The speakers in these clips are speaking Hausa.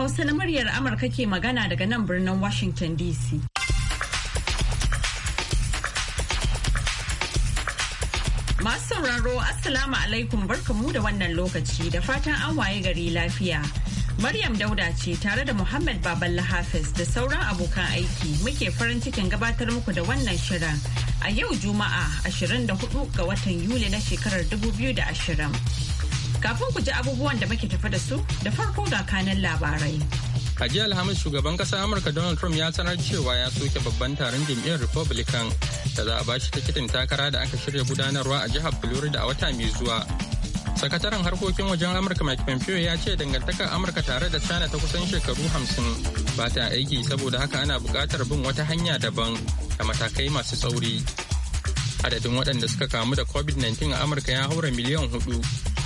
Hausa na muryar Amurka ke magana daga nan birnin Washington DC. Masu sauraro Assalamu alaikum mu da wannan lokaci da fatan an waye gari lafiya. Maryam Dauda ce tare da Muhammad Baballa Hafiz da sauran abokan aiki muke farin cikin gabatar muku da wannan shirin a yau Juma'a 24 ga watan Yuli na shekarar 2020. Kafin ku ji abubuwan da muke tafi da su da farko ga kanan labarai. A jiya Alhamis shugaban ƙasar Amurka Donald Trump ya sanar cewa ya soke babban taron jam'iyyar Republican da za a ba shi tikitin takara da aka shirya gudanarwa a jihar Florida a wata mai zuwa. Sakataren harkokin wajen Amurka Mike Pompeo ya ce dangantakar Amurka tare da China ta kusan shekaru hamsin ba ta aiki saboda haka ana buƙatar bin wata hanya daban da matakai masu tsauri. Adadin waɗanda suka kamu da COVID-19 a Amurka ya haura miliyan hudu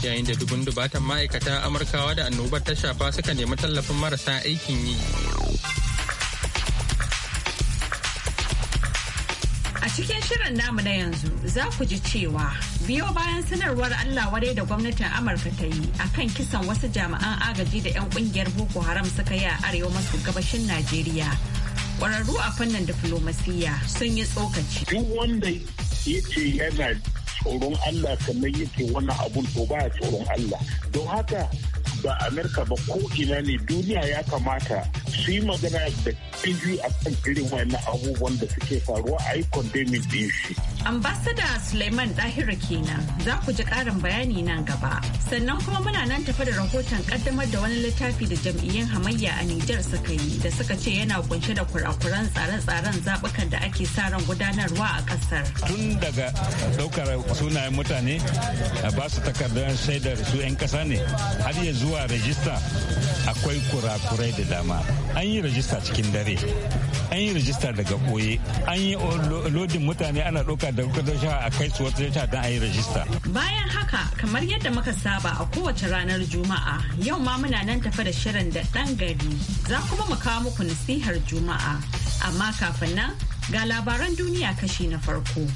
yayin da dubun dubatan ma'aikata amurkawa da annobar ta shafa suka nemi tallafin marasa aikin yi a cikin shirin namu na yanzu za ku ji cewa biyo bayan sanarwar allah wadai da gwamnatin amurka ta yi a kan kisan wasu jami'an agaji da 'yan kungiyar boko haram suka yi a arewa maso gabashin najeriya kwararru a fannin diflomasiyya sun yi tsokaci duk wanda ya tsoron Allah sannan yake wannan abun to baya tsoron Allah don haka ba Amerika ba ko ina ne duniya ya kamata su yi magana da TV a kan irin wani abubuwan da suke faruwa a yi condemning din shi. Ambasada Suleiman Dahira kenan za ku ji ƙarin bayani nan gaba. Sannan kuma muna nan tafa da rahoton kaddamar da wani littafi da jam'iyyun hamayya a Nijar suka yi da suka ce yana kunshe da kurakuran tsare-tsaren zaɓukan da ake sa ran gudanarwa a ƙasar. Tun daga ɗaukar sunayen mutane a ba su takardar shaidar su 'yan ƙasa ne har yanzu. zuwa rajista akwai kurakurai da dama an yi rajista cikin dare an yi rajista daga ɓoye an yi lodin mutane ana ɗauka da rukar a kai su wata rajista don a yi rajista bayan haka kamar yadda muka saba a kowace ranar juma'a yau ma muna nan tafa da shirin da ɗan gari za kuma mu kawo muku nasihar juma'a amma kafin nan ga labaran duniya kashi na farko.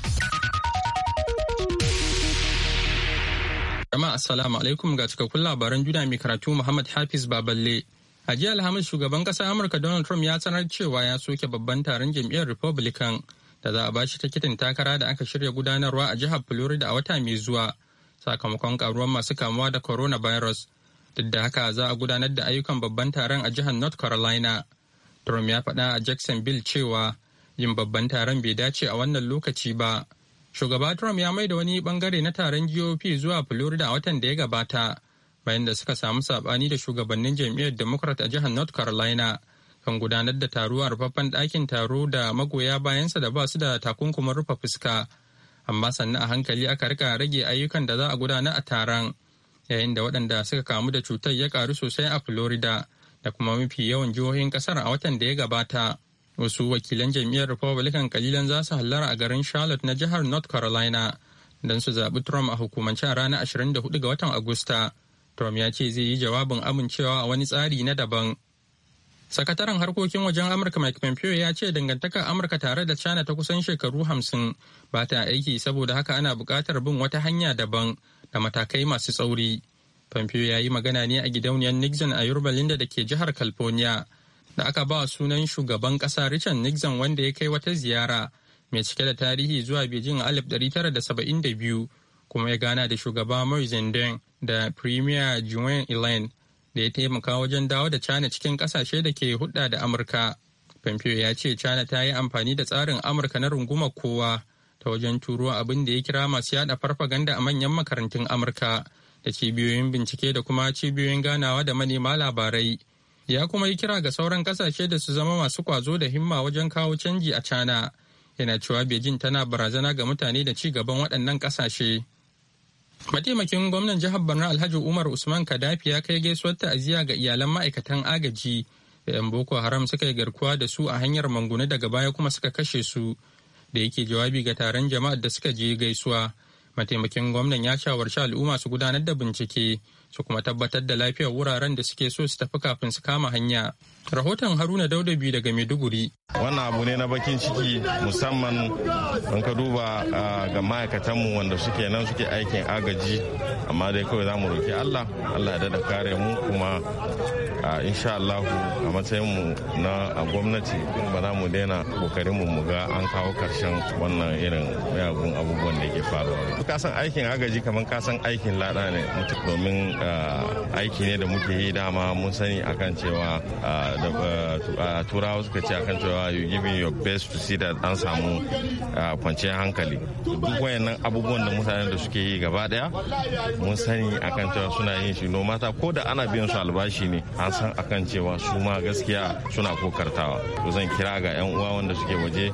Jama'a assalamu alaikum ga cikakkun labaran juna mai karatu Muhammad Hafiz Baballe. A jiya Alhamis shugaban ƙasar Amurka Donald Trump ya sanar cewa ya soke babban taron jam'iyyar Republican da za a bashi tikitin takara da aka shirya gudanarwa a jihar Florida a wata mai zuwa sakamakon karuwar masu kamuwa da coronavirus. Duk da haka za a gudanar da ayyukan babban taron a jihar North Carolina. Trump ya faɗa a Jacksonville cewa yin babban taron bai dace a wannan lokaci ba. Shugaba Trump ya maida wani bangare na taron GOP zuwa Florida a watan da ya gabata, bayan da suka samu sabani da shugabannin jam'iyyar Democrat a jihar North Carolina kan gudanar da taro a rufaffen ɗakin taro da magoya bayansa da ba su da takunkumin rufe fuska. Amma sannan a hankali aka rika rage ayyukan da za a gudana a taron, yayin da waɗanda suka kamu da cutar ya karu sosai a Florida da kuma mafi yawan jihohin ƙasar a watan da ya gabata. wasu wakilan jam'iyyar republican kalilan za su hallara a garin charlotte na jihar north carolina don su zaɓi trump a hukumance a ranar 24 ga watan agusta trump ya ce zai yi jawabin amincewa a wani tsari na daban sakataren harkokin wajen amurka mike pompeo ya ce dangantakar amurka tare da china ta kusan shekaru hamsin ba ta aiki saboda haka ana buƙatar bin wata hanya daban da matakai masu tsauri pompeo ya yi magana ne a gidauniyar nixon a yorba linda da ke jihar california da aka ba sunan shugaban kasa Richard Nixon wanda ya kai wata ziyara mai cike da tarihi zuwa Beijing a 1972 kuma ya gana da shugaba Mao Zedong da Premier Juan Elaine da ya taimaka wajen dawo da China cikin kasashe da ke hudda da Amurka. Pompeo ya ce China ta yi amfani da tsarin Amurka na rungumar kowa ta wajen turo abin da ya kira masu yada farfaganda a manyan makarantun Amurka da cibiyoyin bincike da kuma cibiyoyin ganawa da manema labarai. ya kuma yi kira ga sauran kasashe da su zama masu kwazo da himma wajen kawo canji a cana yana cewa beijing tana barazana ga mutane da ci gaban waɗannan kasashe mataimakin gwamnan jihar borno alhaji umar usman kadafi ya kai gaisuwar ta'aziyya ga iyalan ma'aikatan agaji da 'yan boko haram suka yi garkuwa da su a hanyar mangune daga baya kuma suka kashe su da yake jawabi ga taron jama'ar da suka je gaisuwa mataimakin gwamnan ya shawarci al'umma su gudanar da bincike su kuma tabbatar da lafiyar wuraren da suke so su tafi kafin su kama hanya. Rahoton Haruna Dauda biyu daga Maiduguri. Wannan abu ne na bakin ciki musamman in ka duba ga ma'aikatanmu wanda suke nan suke aikin agaji amma dai kawai za mu roki Allah, Allah ya dada kare mu kuma insha Allah a mu na gwamnati ba za mu daina kokarin mu ga an kawo karshen wannan irin mayagun abubuwan da ke faruwa. ka san aikin agaji kamar san aikin lada ne domin Ah, aiki ne da muke yi dama mun sani akan cewa ah, ah, turawa suka ce akan cewa you giving your best to see that an samu kwanciyar hankali duk wayannan abubuwan da mutanen da suke yi gaba daya mun sani akan cewa suna yin shi no mata ko da ana biyan su albashi ne an san akan cewa su ma gaskiya suna kokartawa to zan kira ga yan uwa wanda suke waje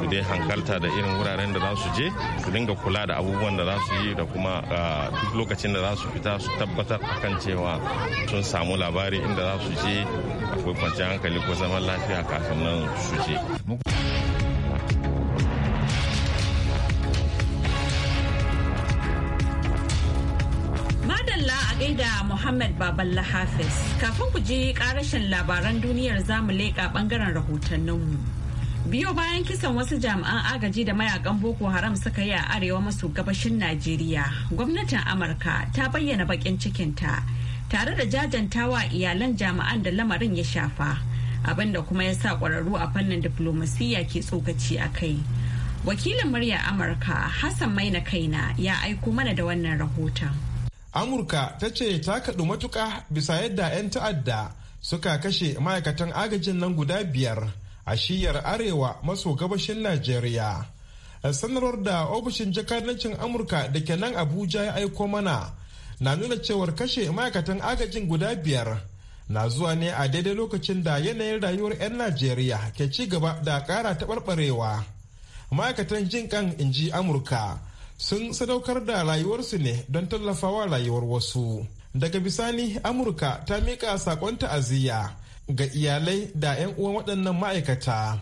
su dai hankalta da irin wuraren da za su je su dinga kula da abubuwan da za su yi da kuma duk lokacin da za su fita su tabbatar. tabbatar akan cewa sun samu labari inda za su je akwai kwanciyar hankali ko zaman lafiya kafin nan su je. Madalla a gaida Muhammad Baballa Hafiz. Kafin ku ji karashin labaran duniyar zamu leƙa ɓangaren rahotanninmu. biyo bayan kisan wasu jami'an agaji da mayakan boko haram suka yi a arewa masu gabashin najeriya gwamnatin amurka ta bayyana bakin cikinta tare da jajantawa iyalan jami'an da lamarin ya shafa abinda kuma ya sa ƙwararru a fannin diflomasiyya ke tsokaci a kai wakilin murya amurka hassan maina kaina ya aiko mana da wannan rahoton amurka ta ce ta kaɗu matuƙa bisa yadda 'yan ta'adda suka kashe ma'aikatan agajin nan guda biyar a shiyar arewa maso gabashin najeriya sanarwar da ofishin jakadancin amurka da ke nan abuja ya aiko mana na nuna cewar kashe ma'aikatan agajin guda biyar na zuwa ne a daidai lokacin da yanayin rayuwar 'yan najeriya ke ci gaba da ƙara taɓarɓarewa ma'aikatan jin kan inji amurka sun sadaukar da rayuwarsu ne don tallafawa rayuwar wasu daga bisani amurka ta miƙa saƙon ta'aziyya ga iyalai da 'yan uwan waɗannan ma'aikata.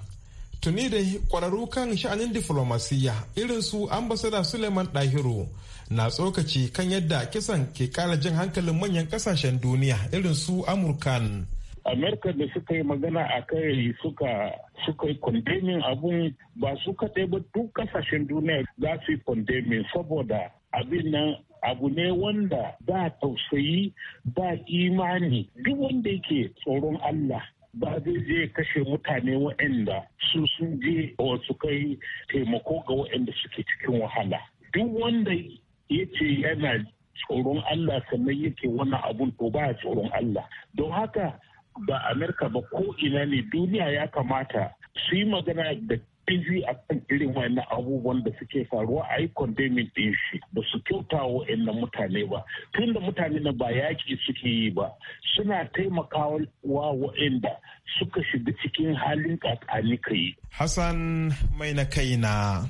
Tuni da kwararru kan sha'anin diflomasiyya irin su ambasada Suleiman Dahiru na tsokaci kan yadda kisan ke kara jin hankalin manyan kasashen duniya irin su Amurkan. Amerika da suka yi magana a kai suka suka yi condemning abun ba su kaɗai ba duk kasashen duniya za su yi condemning saboda abin nan abu ne wanda ba tausayi ba imani duk wanda yake tsoron Allah ba zai je kashe mutane waɗanda su sun je wasu kai taimako ga waɗanda suke cikin wahala duk wanda ya ce yana tsoron Allah sannan yake wannan abun to ba tsoron Allah don haka ba Amerika ba ko ina ne duniya ya kamata su yi magana da izi a kan irin wani abubuwan da suke faruwa a yi kondemin ɗin shi ba su kyauta wa mutane ba tun da mutane na ba yaƙi suke yi ba suna taimakawa wa wa'inda suka shiga cikin halin ka yi. Hassan mai na kai na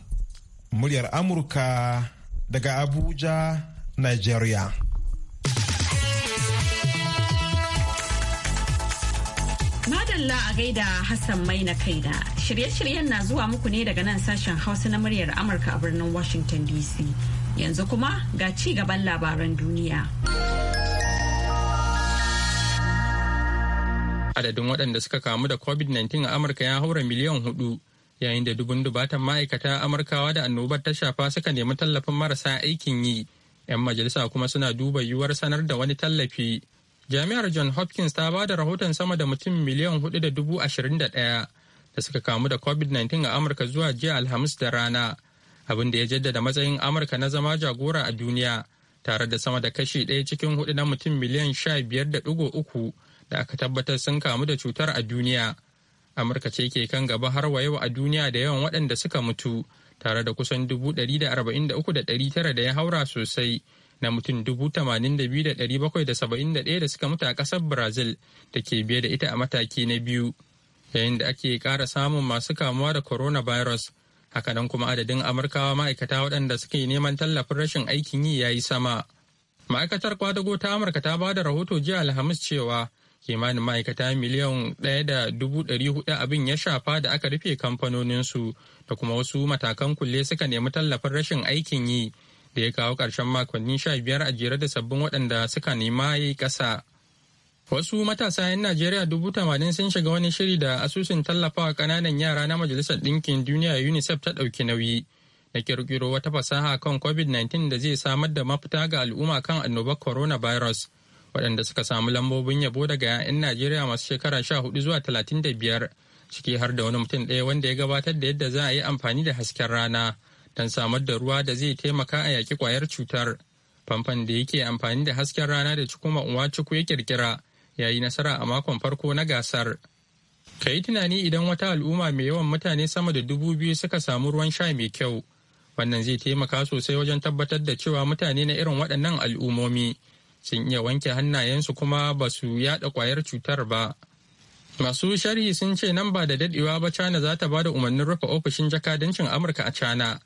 muryar Amurka daga Abuja, Nigeria. Madalla a gaida Hassan mai na kaina. Shirye-shiryen na zuwa muku ne daga nan sashen Hausa na muryar Amurka a birnin Washington DC. Yanzu kuma ga ci gaban labaran duniya. Adadin waɗanda suka kamu da COVID-19 a Amurka ya haura miliyan hudu, yayin da dubun dubatan ma'aikata Amurkawa da annobar ta shafa suka nemi tallafin marasa aikin yi. 'Yan majalisa kuma suna duba yiwuwar sanar da wani tallafi. jami'ar john hopkins ta ba da rahoton sama da mutum miliyan hudu da dubu ashirin da ɗaya da suka kamu da covid-19 a amurka zuwa jiya alhamis da rana abin da ya jaddada matsayin amurka na zama jagora a duniya tare da sama da kashi ɗaya cikin hudu na mutum miliyan sha biyar da uku da aka tabbatar sun kamu da cutar a duniya amurka ce ke kan gaba har wa a duniya da yawan waɗanda suka mutu tare da kusan dubu ɗari da da da tara da ya haura sosai na mutum 82,771 da saba'in suka mutu a ƙasar Brazil da ke biye da ita a mataki na biyu, yayin da ake ƙara samun masu kamuwa da coronavirus. Hakanan kuma adadin Amurkawa ma'aikata waɗanda suke neman tallafin rashin aikin yi ya yi sama. Ma'aikatar kwadago ta Amurka ta ba da rahoto jiya Alhamis cewa kimanin ma'aikata miliyan ɗaya da dubu ɗari hudu abin ya shafa da aka rufe kamfanoninsu da kuma wasu matakan kulle suka nemi tallafin rashin aikin yi. da ya kawo ƙarshen makonni sha biyar a jere da sabbin waɗanda suka nema ya yi ƙasa. Wasu matasa 'yan Najeriya dubu tamanin sun shiga wani shiri da asusun tallafawa ƙananan yara na Majalisar Ɗinkin Duniya UNICEF ta ɗauki nauyi. Na ƙirƙiro wata fasaha kan COVID-19 da zai samar da mafita ga al'umma kan annobar coronavirus. Waɗanda suka samu lambobin yabo daga 'yan Najeriya masu shekara sha hudu zuwa talatin da biyar ciki har da wani mutum ɗaya wanda ya gabatar da yadda za a yi amfani da hasken rana don samar da ruwa da zai taimaka a yaƙi ƙwayar cutar. Famfan da yake amfani da hasken rana da uwa ciku ya kirkira ya yi nasara a makon farko na gasar. Ka yi tunani idan wata al'umma mai yawan mutane sama da dubu biyu suka samu ruwan sha mai kyau. Wannan zai taimaka sosai wajen tabbatar da cewa mutane na irin waɗannan al'ummomi sun iya wanke hannayensu kuma ba su yaɗa ƙwayar cutar ba. Masu sharhi sun ce nan ba da daɗewa ba China za ta ba da umarnin rufe ofishin jakadancin Amurka a China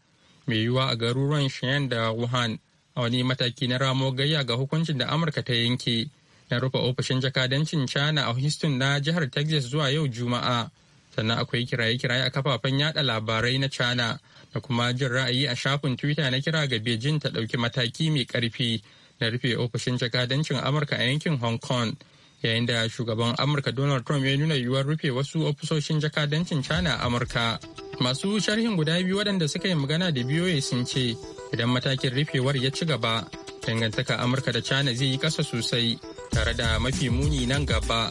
mai yiwuwa a garuruwan Shenyang da Wuhan a wani mataki na ramo gayya ga hukuncin da Amurka ta yanke na rufe ofishin jakadancin China a Houston na jihar Texas zuwa yau Juma'a. Sannan akwai kiraye-kiraye a kafafen yada labarai na China da kuma jin ra'ayi a shafin Twitter na kira ga Beijing ta ɗauki mataki mai karfi na rufe ofishin jakadancin Amurka a yankin Hong Kong. Yayin da shugaban Amurka Donald Trump ya nuna yiwuwar rufe wasu ofisoshin jakadancin China a Amurka. Masu sharhin guda biyu waɗanda suka yi magana da biyoyi sun ce idan matakin rufewar ya ci gaba dangantaka Amurka da China zai yi ƙasa sosai tare da mafi muni nan gaba.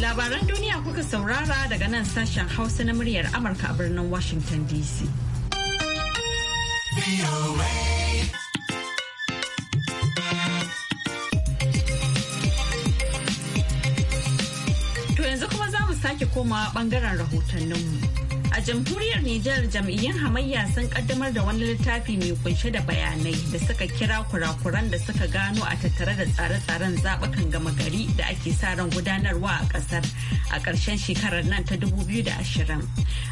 Labaran duniya kuka saurara daga nan sashen Hausa na muryar Amurka a birnin Washington DC. sake koma bangaren rahotanninmu. A jamhuriyar Nijar jam'iyyun hamayya sun kaddamar da wani littafi mai kunshe da bayanai da suka kira kurakuran da suka gano a tattare da tsare-tsaren zaɓukan gama gari da ake sa ran gudanarwa a ƙasar a ƙarshen shekarar nan ta 2020.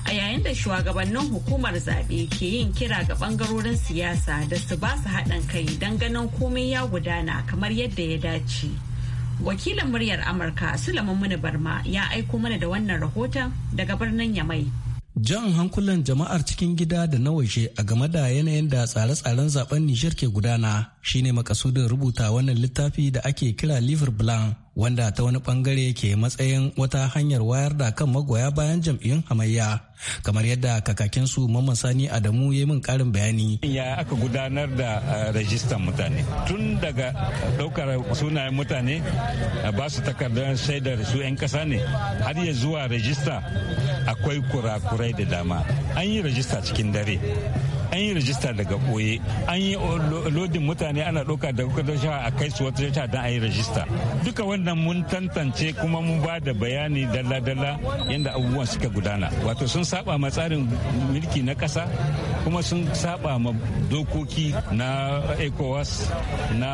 A yayin da shugabannin hukumar zaɓe ke yin kira ga ɓangarorin siyasa da su ba su haɗin kai don ganin komai ya gudana kamar yadda ya dace. wakilin muryar amurka sulaiman muni barma ya aiko mana da wannan rahoton daga birnin yamai jan hankulan jama'ar cikin gida da na waje a game da yanayin da tsare-tsaren zaben nijar ke gudana shine makasudin rubuta wannan littafi da ake kira liver blanc wanda ta wani bangare ke matsayin wata hanyar wayar da kan magoya bayan jam'iyyun hamayya kamar yadda kakakin su mamman sani adamu ya yi min karin bayani ya aka gudanar da eh, rajistan mutane tun daga daukar sunayen mutane ba su takardar shaidar su 'yan kasa ne har ya zuwa rajista akwai kurakurai da dama an yi rajista cikin dare an yi rajista daga ɓoye an yi lodin mutane ana ɗauka da kudin sha a kai su wata sha don a yi rajista duka wannan mun tantance kuma mun ba da bayani dalla-dalla yadda abubuwan suka gudana wato sun saba ma tsarin mulki na ƙasa kuma sun saba ma dokoki na ecowas na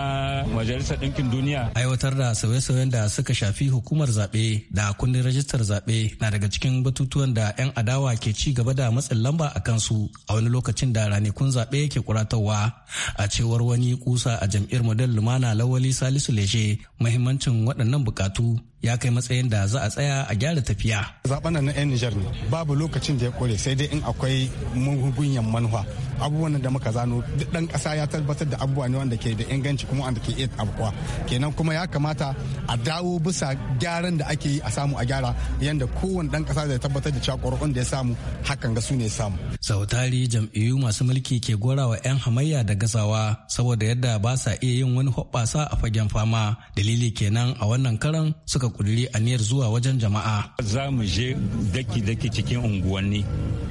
majalisar ɗinkin duniya aiwatar da sauye-sauyen da suka shafi hukumar zaɓe da kundin rajistar zaɓe na daga cikin batutuwan da 'yan adawa ke ci gaba da matsin lamba a kansu a wani lokacin da ranakun zaɓe yake kuratarwa a cewar wani kusa a jam'iyyar model lumana lawali salisu leshe mahimmancin waɗannan bukatu ya kai matsayin da za a tsaya a gyara tafiya. Zaben na 'yan Nijar ne babu lokacin da ya kore sai dai in akwai mugunyan manuwa abubuwan da muka zano dan kasa ya tabbatar da abubuwa ne wanda ke da inganci kuma wanda ke iya abuwa kenan kuma ya kamata a dawo bisa gyaran da ake yi a samu a gyara yanda kowane dan kasa zai tabbatar da cewa da ya samu hakan ga su ne samu. Sautari jam'iyyu masu mulki ke gorawa 'yan hamayya da gazawa saboda yadda ba sa iya yin wani hoɓɓasa a fagen fama dalili kenan a wannan karan suka suka kuduri niyar zuwa wajen jama'a. Za mu je daki-daki cikin unguwanni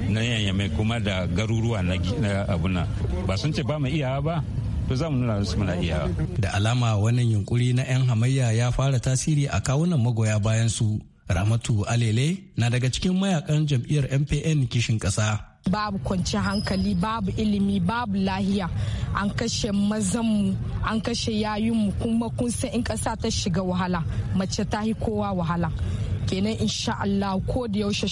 na yanyame kuma da garuruwa na abuna. Ba sun ce ba mu iya ba? to za mu nuna su muna iya. Da alama wannan yunkuri na 'yan hamayya ya fara tasiri a kawunan magoya bayan su. Ramatu Alele na daga cikin mayakan jam'iyyar MPN kishin ƙasa. babu kwanciyar hankali babu ilimi babu lahiya an kashe mazanmu an kashe yayinmu kuma kun san in ƙasa ta shiga wahala mace ta yi kowa wahala kenan insha Allah ko da yaushe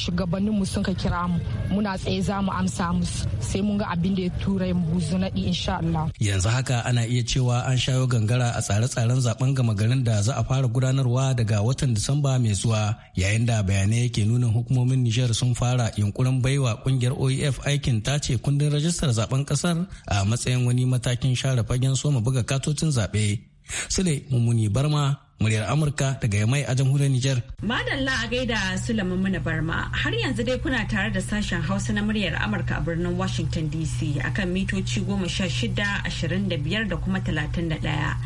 mu sun ka kira mu muna tsaye za mu amsa musu sai mun ga abin da ya tura mu buzu naɗi insha Allah. Yanzu haka ana iya cewa an shayo gangara a tsare-tsaren zaben gama garin da za a fara gudanarwa daga watan Disamba mai zuwa yayin da bayanai yake nuna hukumomin Nijar sun fara yunkurin baiwa kungiyar OEF aikin tace kundin rajistar zaben kasar a matsayin wani matakin share fagen soma buga katotin zaɓe. Sule Mummuni Barma muryar Amurka daga Yamai a jamhuriyar Nijar. Madalla a gaida Sulaiman Muna Barma har yanzu dai kuna tare da sashen Hausa na muryar Amurka a birnin Washington DC akan mitoci goma sha shida ashirin da da kuma talatin ɗaya.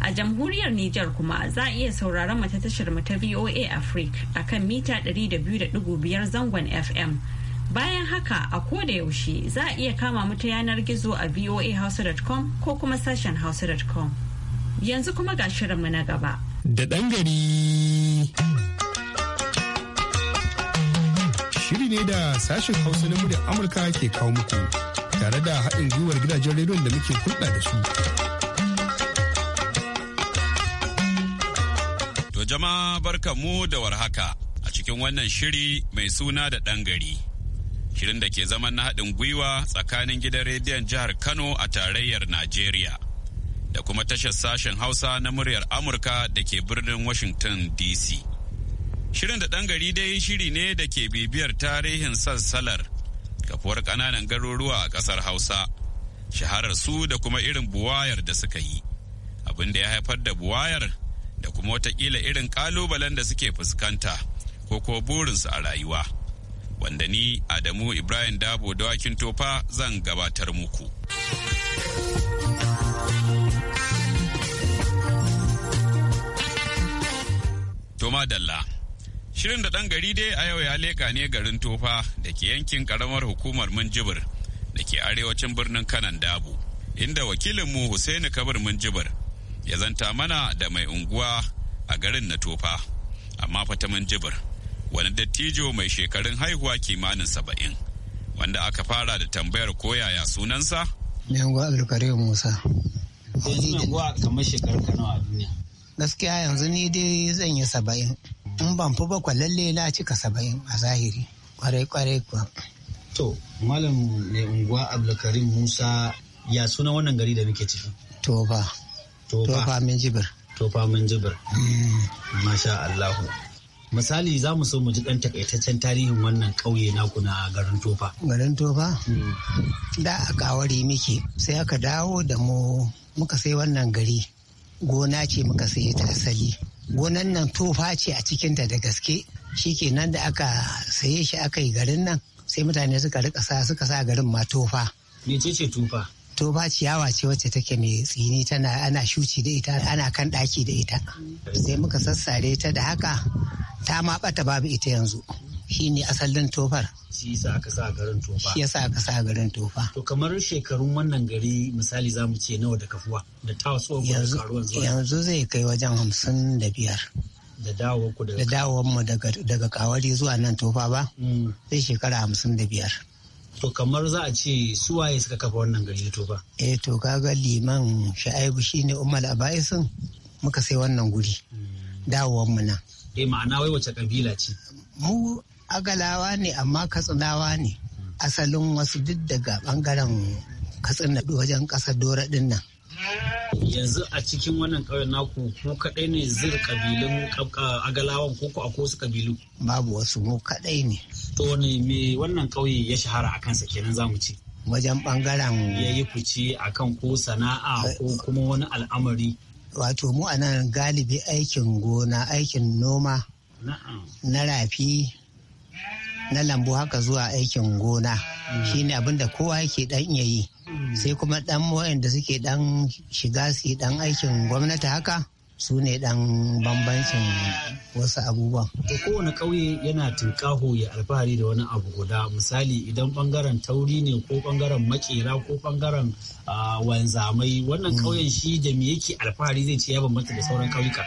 A jamhuriyar Nijar kuma za a iya sauraron mata tashar mu ta VOA Africa akan mita ɗari da biyu da zangon FM. Bayan haka a koda yaushe za a iya kama mu ta yanar gizo a voahausa.com ko kuma sashen hausa.com. Yanzu kuma ga shirinmu na gaba. da ɗan gari. Shiri ne da sashen Hausa na muryar Amurka ke kawo muku tare da haɗin gwiwar gidajen rediyon da muke kulɗa da su. To jama'a barka mu da warhaka a cikin wannan shiri mai suna da ɗan gari. Shirin da ke zaman na haɗin gwiwa tsakanin gidan rediyon jihar Kano a tarayyar Najeriya. da kuma tashar sashen Hausa na muryar Amurka da ke birnin Washington DC. Shirin da ɗan gari dai shiri ne da ke bibiyar tarihin sassalar kafuwar ƙananan garuruwa a ƙasar Hausa, shaharar su da kuma irin buwayar da suka yi. Abin da ya haifar da buwayar da kuma watakila irin ƙalubalen da suke fuskanta ko ko burinsu a rayuwa. Wanda ni Adamu Ibrahim Dabo dawakin tofa zan gabatar muku. madalla. Shirin da ɗan gari dai a yau ya leka ne garin Tofa da ke yankin karamar hukumar Minjibir da ke arewacin birnin Kanan Dabu, inda wakilinmu Husaini Kabir Minjibir ya zanta mana da mai unguwa a garin na Tofa, amma fata Minjibir, wani dattijo mai shekarun haihuwa kimanin saba'in, wanda aka fara da tambayar koyaya sunansa? Mai unguwa Abdulkarim Musa. Yanzu kamar shekaru a duniya. gaskiya yanzu ni dai zan yi saba'in in ban fi bakwa lalle na cika saba'in a zahiri kwarai kwarai kuwa to malam ne unguwa abdulkarim musa ya suna wannan gari da muke ciki tofa tofa min jibir tofa min jibir mm. masha allahu misali za mu so mu ji dan takaitaccen tarihin wannan ƙauye naku na garin tofa garin tofa mm. da a kawari muke sai aka dawo da mu muka sai wannan gari gona ce muka saye ta asali gonan nan tofa ce a cikinta da gaske shi nan da aka saye shi aka yi garin nan sai mutane suka rika sa suka sa garin ma tofa mece ce tofa tofa ciyawa ce wacce take mai tsini tana ana shuci da ita ana kan daki da ita sai muka sassare ta da haka ta ma bata babu ita yanzu shi ne asalin tofar shi yasa aka sa garin tofa shi yasa aka sa garin tofa to kamar shekarun wannan gari misali za mu ce nawa da kafuwa da tasowa ko karuwan zuwa yanzu zai kai wajen hamsin da biyar da dawowar ku daga da mu daga kawari zuwa nan tofa ba mm. zai shekara hamsin da biyar to kamar za a ce su waye suka kafa wannan gari tofa eh to kaga liman shi ne umar abaisin muka sai wannan guri mm. dawowar mu nan eh ma'ana wai wace kabila ce mu agalawa ne amma katsinawa ne asalin wasu duk daga bangaren katsina wajen ƙasa dora din nan yanzu a cikin wannan ƙauyen naku ko kaɗai ne zir kabilun agalawan ko ko akwai wasu kabilu babu wasu mu kaɗai ne to ne me wannan ƙauye ya shahara a kansa kenan zamu ce wajen bangaren ya yi fice akan ko sana'a eh. ko kuma wani al'amari wato mu anan galibi aikin gona aikin noma na rafi na lambu haka zuwa aikin gona mm. shine ne abinda kowa yake dan iya yi mm. sai kuma dan da suke dan shiga su dan aikin gwamnati haka su ne dan bambancin wasu abubuwan. To kowane ƙauye yana tinkaho ya alfahari da wani abu guda misali idan bangaren tauri ne ko bangaren makera ko bangaren wanzamai wannan mm. ƙauyen shi da me yake alfahari zai ce ya bambanta da sauran ƙauyuka.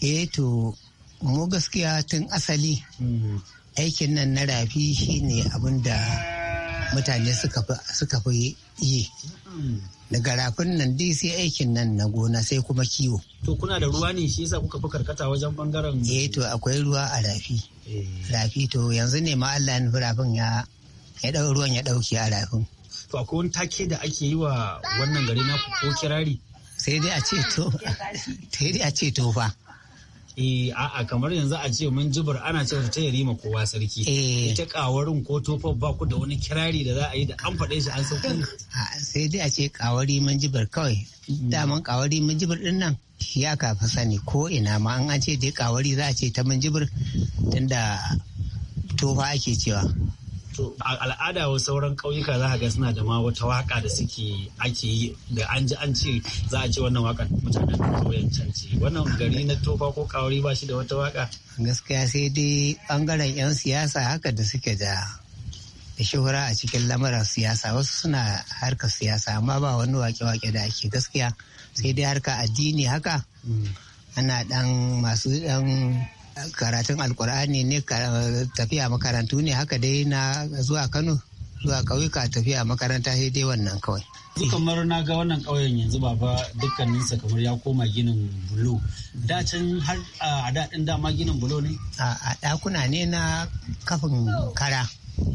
Eh to mu gaskiya tun asali aikin nan na rafi shine ne da mutane suka fi yi daga rafin nan dai sai aikin nan na gona sai kuma kiwo to kuna da ruwa ne shi yasa kuka fi karkata wajen bangaren eh to akwai ruwa a rafi eh. rafi to yanzu ne ma Allah ya rafin ya ya dau ruwan ya dauki a rafin to akwai wani take da ake yi wa wannan gari na ko kirari sai dai a ce to sai dai a ce to fa eh a'a kamar yanzu a ce mun jibir ana cewa ta yarima kowa sarki eh. ita kawarin ko tofa ba ku da wani kirari da za a yi da an faɗe shi an sauko sai dai a ce kawari mun jibir kawai mm. daman kawari mun jibir din nan ya kafa sani ko ina ma an ce dai kawari za a ce ta mun jibir tunda tofa ake cewa to al'ada wa sauran ƙauyuka za a ga suna da ma wata waka da suke ake yi da an ji an ce za a ce wannan waka mutanen ƙauyen can ce wannan gari na tofa ko kawari ba shi da wata waka gaskiya sai dai bangaren yan siyasa haka da suke da da shuhura a cikin lamarin siyasa wasu suna harkar siyasa amma ba wani wake-wake da ake gaskiya sai dai harka addini haka mm. ana dan masu dan karatun alkur'ani ne tafiya makarantu ne haka dai na zuwa kano zuwa kauyuka tafiya makaranta sai dai wannan kawai. kamar na ga wannan ƙauyen yanzu ba fa dukkaninsa kamar ya koma ginin bulo. Da har a daɗin dama ginin bulo ne? A ɗakuna ne na kafin kara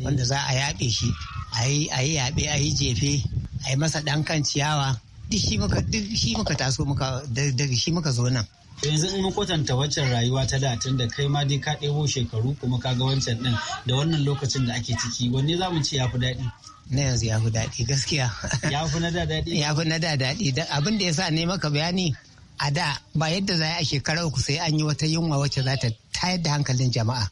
wanda za a yaɓe shi. A yi yaɓe a yi jefe a yi masa ɗan kan ciyawa duk shi maka shi taso maka daga shi maka zo nan yanzu in kwatanta waccan rayuwa ta da tun da kai ma dai ka ɗebo shekaru kuma ka ga wancan din da wannan lokacin da ake ciki wanne za mu ce ya fi daɗi na yanzu ya fi daɗi gaskiya ya fi na da daɗi ya fi na da daɗi abin da ya sa ne maka bayani a da ba yadda za a shekara uku sai an yi wata yunwa wacce za ta tayar da hankalin jama'a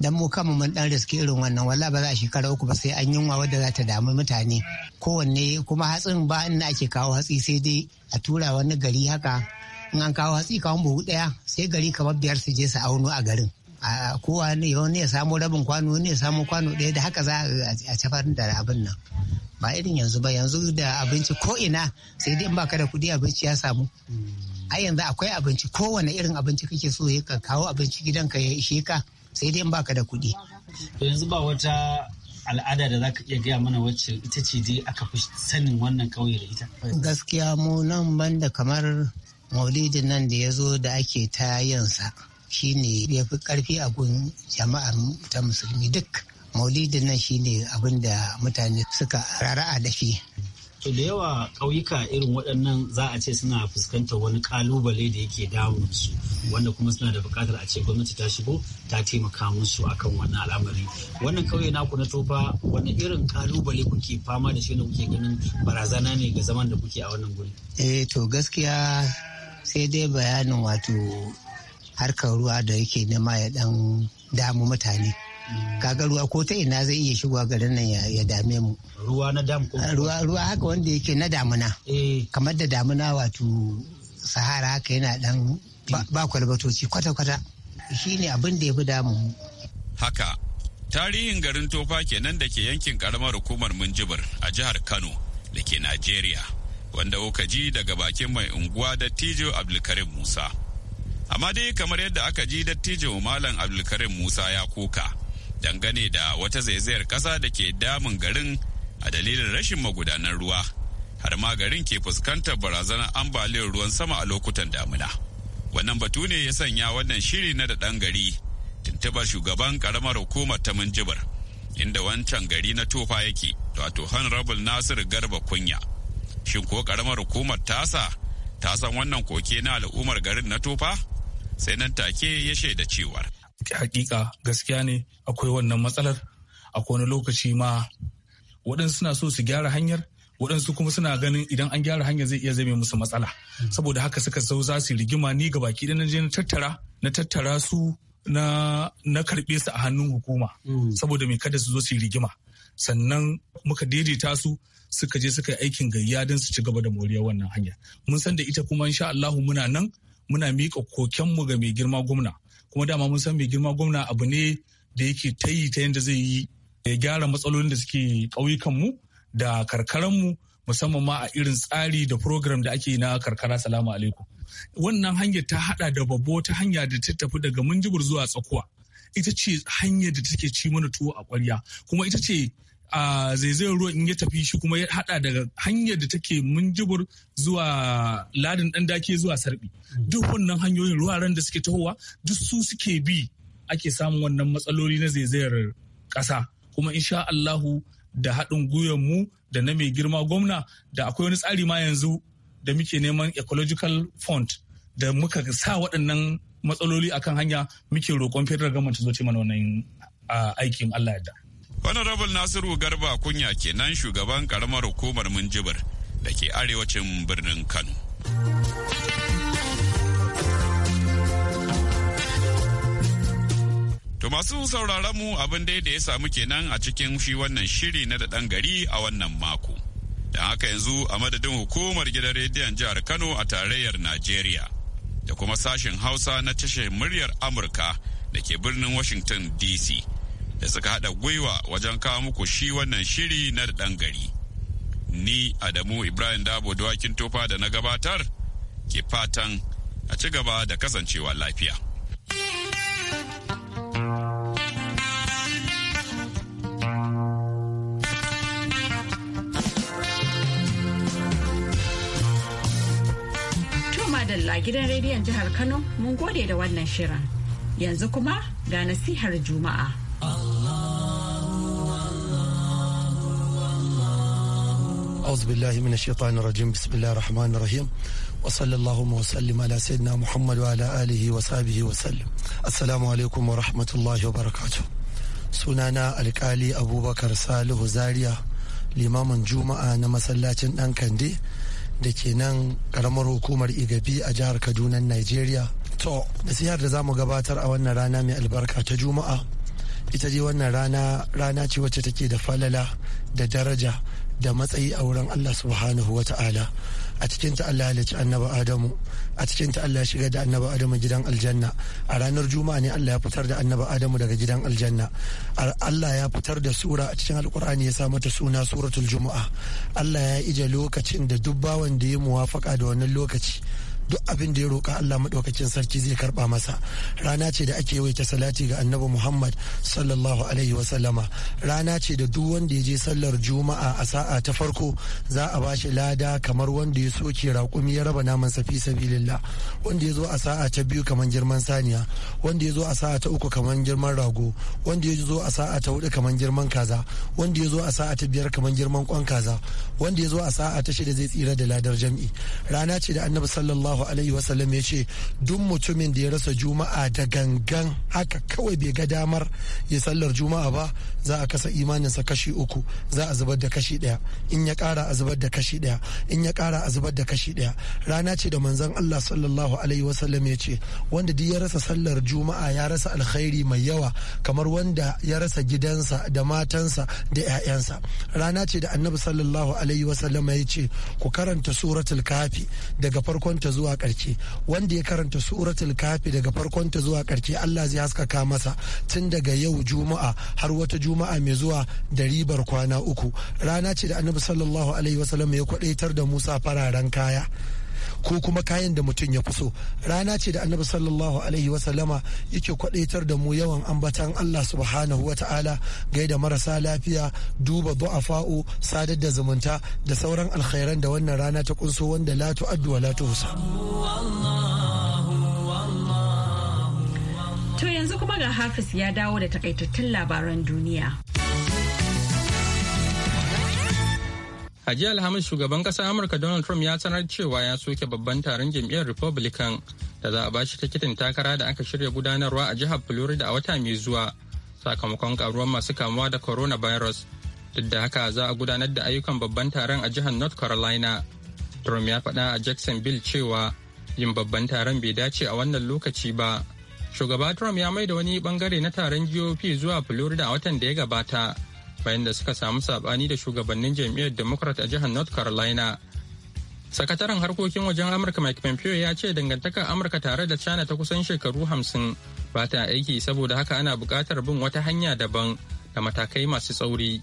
dan mu kama mun dan riski irin wannan walla ba za a shekara uku ba sai an yunwa wadda za ta damu mutane kowanne kuma hatsin ba inda ake kawo hatsi sai dai a tura wani gari haka in an kawo hatsi kawon buhu daya sai gari kamar biyar su je su auno a garin a kowa ne wani ya samu rabin kwano wani ya samu kwano daya da haka za a cafar da abin nan ba irin yanzu ba yanzu da abinci ko ina sai dai in baka da kuɗi abinci ya samu a yanzu akwai abinci kowane irin abinci kake so ya kawo abinci gidanka ya ishe ka sai dai baka da kuɗi. To yanzu ba wata al'ada da zaka iya gaya mana wacce ita ce dai aka fi sanin wannan ƙauye da ita. Gaskiya mu nan banda kamar maulidin nan da ya zo da ake ta yansa shine ya fi ƙarfi a gun jama'a ta musulmi duk maulidin nan shine abin da mutane suka rara'a da shi to da yawa ƙauyuka irin waɗannan za a ce suna fuskantar wani kalubale da yake damun su wanda kuma suna da buƙatar a ce gwamnati ta shigo ta taimaka musu akan wannan al'amari wannan ƙauye naku na tofa wani irin kalubale kuke fama da shi ne kuke ganin barazana ne ga zaman da kuke a wannan guri eh to gaskiya sai dai bayanin wato harkar ruwa da yake nema ya dan damu mutane kaga ruwa ko ta ina zai iya shigowa garin nan ya dame mu ruwa na dam ko ah, ruwa ruwa haka wanda yake na damuna eh. kamar da damuna wato sahara haka yana dan ba kwalbatoci kwata kwata shine abin da ya fi damu haka tarihin garin tofa kenan da ke yankin karamar hukumar munjibir a jihar kano da ke najeriya wanda kuka ji daga bakin mai unguwa dattijo abdulkarim musa amma dai kamar yadda aka ji dattijo malam abdulkarim musa ya kuka. dangane da wata zaizayar kasa da ke damun garin a dalilin rashin magudanar ruwa har ma garin ke fuskantar barazanar ambaliyar ruwan sama a lokutan damuna wannan batu ne ya sanya wannan shiri na da ɗan gari tuntubar shugaban karamar hukumar ta minjibar inda wancan gari na tofa yake wato honorable nasiru garba kunya shin ko karamar hukumar tasa ta san wannan koke na al'ummar garin na tofa sai nan take ya shaida cewar hakika gaskiya ne akwai wannan matsalar a wani lokaci ma waɗansu suna so su gyara hanyar waɗansu kuma suna ganin idan an gyara hanyar zai iya zame musu matsala saboda haka suka zo za su rigima ni ga baki na je na tattara na tattara su na na karɓe su a hannun hukuma mm. saboda mai kada su zo su rigima sannan muka daidaita su suka je suka yi aikin gayya don su ci gaba da moriyar wannan hanyar mun san da ita kuma insha Allah muna nan muna miƙa kokenmu ga mai girma gwamna kuma dama mun san mai girma gwamna abu ne da yake ta yi ta yadda zai yi ya gyara matsalolin da suke mu da mu musamman ma a irin tsari da program da ake na karkara salamu alaikum wannan hanyar ta haɗa da babbo ta hanya da ta tafi daga minjibir zuwa tsakuwa ita ce hanyar da take ci mana tuwo a kwarya kuma ita ce a zaizayar ruwan in ya tafi shi kuma ya hada daga hanyar da take munjibur zuwa ladin dan dake zuwa sarbi duk wannan hanyoyin ruwaran da suke tahowa duk su suke bi ake samun wannan matsaloli na zaizayar ƙasa kuma insha Allahu da haɗin gwiwar mu da na mai girma gwamna da akwai wani tsari ma yanzu da muke neman ecological fund da muka sa waɗannan matsaloli akan hanya muke roƙon federal government zo ce mana wannan aikin Allah ya honorable nasiru garba kunya kenan shugaban karamar hukumar minjibir da ke arewacin birnin kano To masu sauraron mu abin dai da ya samu kenan a cikin shi wannan shiri na daɗan gari a wannan mako. da haka yanzu a madadin hukumar gidan rediyon jihar Kano a tarayyar Najeriya da kuma sashen Hausa na tashar muryar Amurka da ke birnin Washington DC. da suka haɗa gwiwa wajen kawo muku shi wannan shiri na da ɗan gari. Ni Adamu Ibrahim Dabo dawakin tofa da na gabatar ke fatan a ci gaba da kasancewa lafiya. Madalla gidan rediyon jihar Kano mun gode da wannan shirin. Yanzu kuma ga nasihar Juma'a. أعوذ بالله من الشيطان الرجيم بسم الله الرحمن الرحيم وصلى اللهم وسلم على سيدنا محمد وعلى آله وصحبه وسلم السلام عليكم ورحمة الله وبركاته سنانا أبو بكر صالح زاريا limamin juma'a na masallacin ɗan kande da ke nan ƙaramar hukumar igabi a jihar kaduna nigeria to nasihar da za mu gabatar a wannan rana mai albarka ta juma'a ita dai wannan rana rana ce wacce take da falala da daraja da matsayi a wurin Allah subhanahu wa ta'ala a cikin ta Allah ya annaba Adamu a cikin ta Allah ya shiga da annaba Adamu gidan aljanna a ranar juma'a ne Allah ya fitar da annaba Adamu daga gidan aljanna Allah ya fitar da sura a cikin alkur'ani ya sa mata suna suratul juma'a Allah ya ije lokacin da duk bawan da ya muwafaka da wannan lokaci duk abin da ya roƙa Allah maɗaukacin sarki zai karɓa masa rana ce da ake yawaita salati ga annabi Muhammad sallallahu alaihi wa sallama rana ce da duk wanda ya je sallar juma'a a sa'a ta farko za a bashi lada kamar wanda ya soke raƙumi ya raba naman safi sabilillah wanda ya zo a sa'a ta biyu kamar girman saniya wanda ya zo a sa'a ta uku kamar girman rago wanda ya zo a sa'a ta hudu kamar girman kaza wanda ya zo a sa'a ta biyar kamar girman kwan kaza wanda ya zo a sa'a ta shida zai tsira da ladar jam'i rana ce da annabi sallallahu sallallahu alaihi wasallam ya ce duk mutumin da ya rasa juma'a da gangan haka kawai bai ga damar ya sallar juma'a ba za a kasa imaninsa kashi uku za a zubar da kashi daya in ya kara a zubar da kashi daya in ya kara a zubar da kashi daya rana ce da manzon Allah sallallahu alaihi wasallam ya ce wanda duk ya rasa sallar juma'a ya rasa alkhairi mai yawa kamar wanda ya rasa gidansa da matansa da 'ya'yansa rana ce da annabi sallallahu alaihi wasallam ya ce ku karanta suratul kafi daga farkonta zuwa zuwa karshe wanda ya karanta suratul kafi daga farkon ta zuwa karshe Allah zai haskaka masa tun daga yau juma'a har wata juma'a mai zuwa da ribar kwana uku rana ce da annabi sallallahu alaihi wasallam ya kwadaitar da Musa fararen kaya ko kuma kayan da mutum ya kuso rana ce da annabi sallallahu alaihi wasallama yake kwadaitar da mu yawan ambatan Allah subhanahu wa ta'ala gaida marasa lafiya duba du'afa'u sadar da zumunta da sauran alkhairan da wannan rana ta kunso wanda la tu'addu wa la tuhsa To yanzu kuma ga Hafiz ya dawo da takaitattun labaran duniya. A jiya Alhamis shugaban ƙasar Amurka Donald Trump ya sanar cewa ya soke babban taron jam'iyyar Republican da za a bashi tikitin takara da aka shirya gudanarwa a jihar Florida a wata mai zuwa sakamakon karuwar masu kamuwa da coronavirus. Duk da haka za a gudanar da ayyukan babban taron a jihar North Carolina. Trump ya faɗa a Jacksonville cewa yin babban taron bai dace a wannan lokaci ba. Shugaba Trump ya da wani bangare na taron GOP zuwa Florida a watan da ya gabata. bayan da suka samu sabani da shugabannin jam'iyyar democrat a jihar north carolina sakataren harkokin wajen amurka mike pompeo ya ce dangantakar amurka tare da china ta kusan shekaru hamsin ba ta aiki saboda haka ana buƙatar bin wata hanya daban da matakai masu tsauri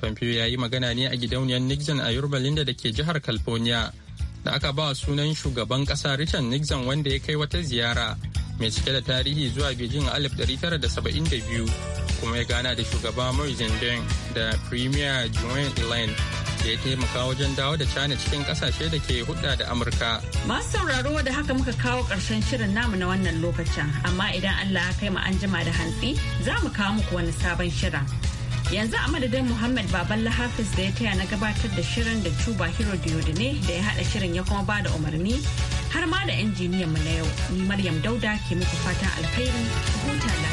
pompeo ya yi magana ne a gidauniyar nixon a yorba linda da ke jihar california da aka ba sunan shugaban ƙasa richard nixon wanda ya kai wata ziyara mai cike da tarihi zuwa beijing a 1972 kuma ya gana da shugaba Moise da Premier Joan Elaine da ya taimaka wajen dawo da China cikin kasashe da ke hudda da Amurka. Masu sauraro da haka muka kawo ƙarshen shirin namu na wannan lokacin, amma idan Allah ya kai mu an jima da hantsi za mu kawo muku wani sabon shirin. Yanzu a madadin Muhammad Baban Hafiz da ya taya na gabatar da shirin da Cuba Hero Diodine da ya haɗa shirin ya kuma bada umarni har ma da injiniyan mu na yau. Ni Maryam Dauda ke muku fatan alheri huta